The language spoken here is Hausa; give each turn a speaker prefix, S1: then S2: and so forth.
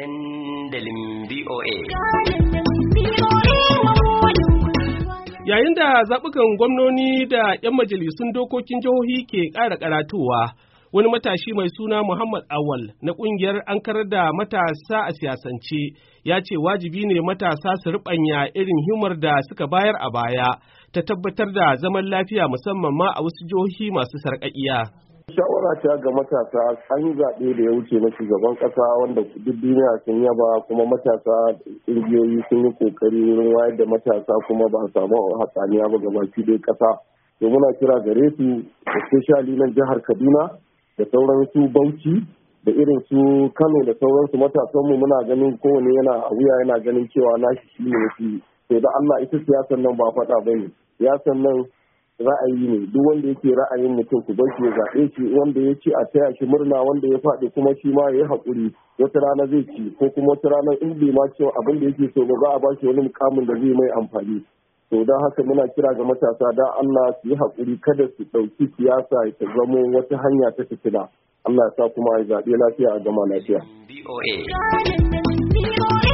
S1: dandalin VOA. Yayin da zaɓukan gwamnoni da 'yan majalisun dokokin jihohi ke ƙara karatuwa wani matashi mai suna Muhammad Awal na ƙungiyar an karar da matasa a siyasance ya ce wajibi ne matasa su riɓanya irin himar da suka bayar a baya ta tabbatar da zaman lafiya musamman ma a wasu jihohi masu sarƙaƙiya.
S2: shawara ta ga matasa an yi zaɓe da ya wuce na shugaban ƙasa wanda duk duniya sun yaba kuma matasa ƙungiyoyi sun yi ƙoƙari wurin wayar da matasa kuma ba a samu hatsaniya ba ga baki dai ƙasa. To muna kira gare su especially nan jihar Kaduna da sauran su Bauchi da irin su Kano da sauransu matasanmu muna ganin kowane yana a wuya yana ganin cewa nashi shi ne shi sai da Allah ita siyasan nan ba faɗa ne. Siyasan nan ra'ayi ne duk wanda yake ra'ayin mutum ku bar shi ya zaɓe shi wanda ya ci a taya shi murna wanda ya faɗi kuma shi ma ya yi haƙuri wata rana zai ci ko kuma wata rana in bai ma cewa abin da yake so ba za a ba shi wani mukamin da zai mai amfani to don haka muna kira ga matasa da Allah su yi haƙuri kada su ɗauki siyasa ta zamo wata hanya ta fitina Allah ya sa kuma ya zaɓe lafiya a gama lafiya.
S3: BOA.